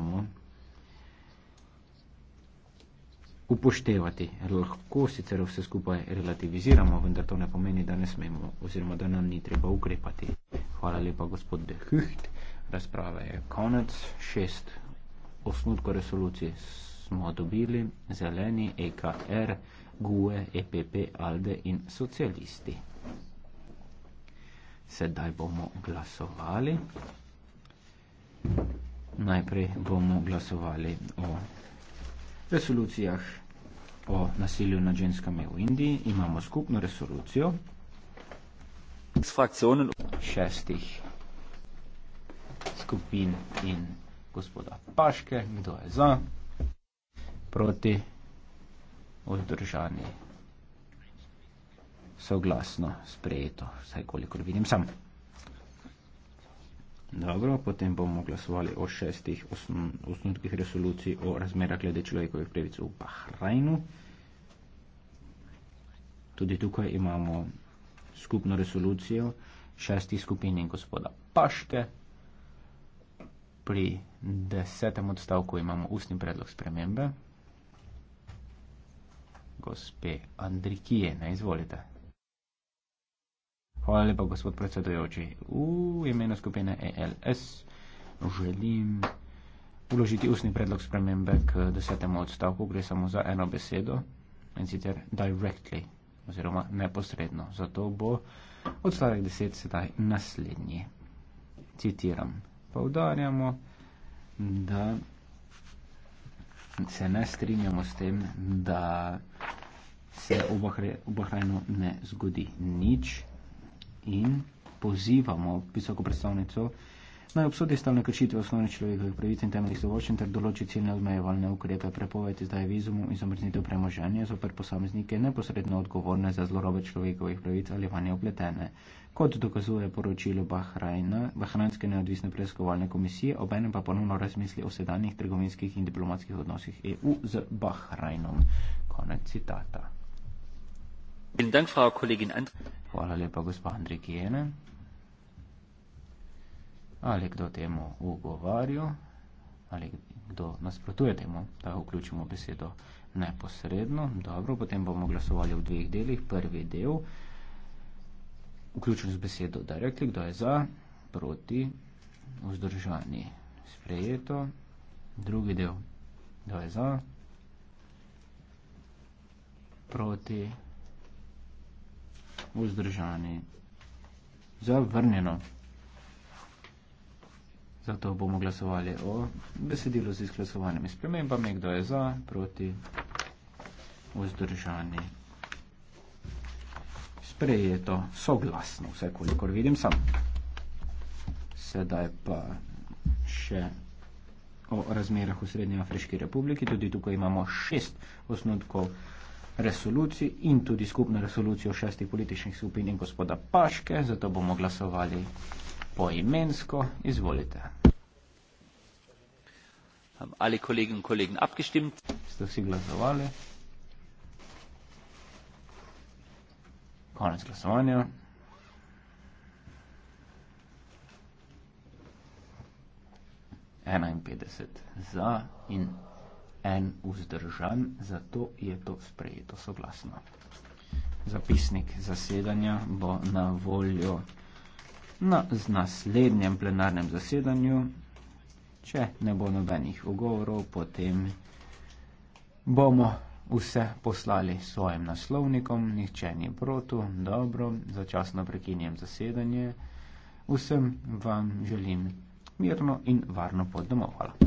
moramo upoštevati. Lahko sicer vse skupaj relativiziramo, vendar to ne pomeni, da ne smemo oziroma da nam ni treba ukrepati. Hvala lepa, gospod De Hucht. Razprava je konec. Šest osnutko resolucije smo dobili. Zeleni, EKR, GUE, EPP, ALDE in socialisti. Sedaj bomo glasovali najprej bomo glasovali o resolucijah o nasilju nad ženskami v Indiji. Imamo skupno resolucijo šestih skupin in gospoda Paške, kdo je za, proti, vzdržani, soglasno, sprejeto, vsaj kolikor vidim sam. Dobro, potem bomo glasovali o šestih osnutkih resolucij o razmerah glede človekovih pravic v Bahrajnu. Tudi tukaj imamo skupno resolucijo šestih skupin in gospoda Paške. Pri desetem odstavku imamo ustni predlog spremembe. Gospe Andrikije, ne izvolite. Hvala lepa, gospod predsedujoči. V imenu skupine ELS želim uložiti ustni predlog spremembe k desetemu odstavku, gre samo za eno besedo in sicer directly oziroma neposredno. Zato bo odstavek deset sedaj naslednji. Citiram. Povdarjamo, da se ne strinjamo s tem, da se v Bahrajnu ne zgodi nič, in pozivamo visoko predstavnico naj obsodi stalne kršitve osnovne človekove pravice in temeljih svoboščin ter določi ciljne odmejevalne ukrepe, prepoved izdaje vizumov in zamrznitev premoženja zoper posameznike neposredno odgovorne za zlorobe človekovih pravic ali vanje opletene. Kot dokazuje poročilo Bahrajna, Bahrajnske neodvisne preiskovalne komisije, obenem pa ponovno razmisli o sedanjih trgovinskih in diplomatskih odnosih EU z Bahrajnom. Konec citata. Hvala lepa, gospa Andrej Kijene. Ali kdo temu ugovarjo? Ali kdo nasprotuje temu? Da vključimo besedo neposredno. Dobro, potem bomo glasovali v dveh delih. Prvi del, vključen z besedo, da rekli, kdo je za, proti, vzdržani, sprejeto. Drugi del, kdo je za, proti, vzdržani vzdržani. Zavrnjeno. Zato bomo glasovali o besedilu z izglasovanimi spremembami, kdo je za, proti, vzdržani. Sprejeto, soglasno, vse kolikor vidim sam. Sedaj pa še o razmerah v Srednji Afriški republiki. Tudi tukaj imamo šest osnutkov resoluciji in tudi skupno resolucijo šestih političnih skupin in gospoda Paške, zato bomo glasovali poimensko. Izvolite. Ali kolegin in kolegin abgestimt? Ste vsi glasovali? Konec glasovanja. Enainpetdeset za in en vzdržan, zato je to sprejeto soglasno. Zapisnik zasedanja bo na voljo na naslednjem plenarnem zasedanju. Če ne bo nobenih ugovorov, potem bomo vse poslali svojim naslovnikom, nihče ni protu, dobro, začasno prekinjem zasedanje. Vsem vam želim mirno in varno pot domov. Hvala.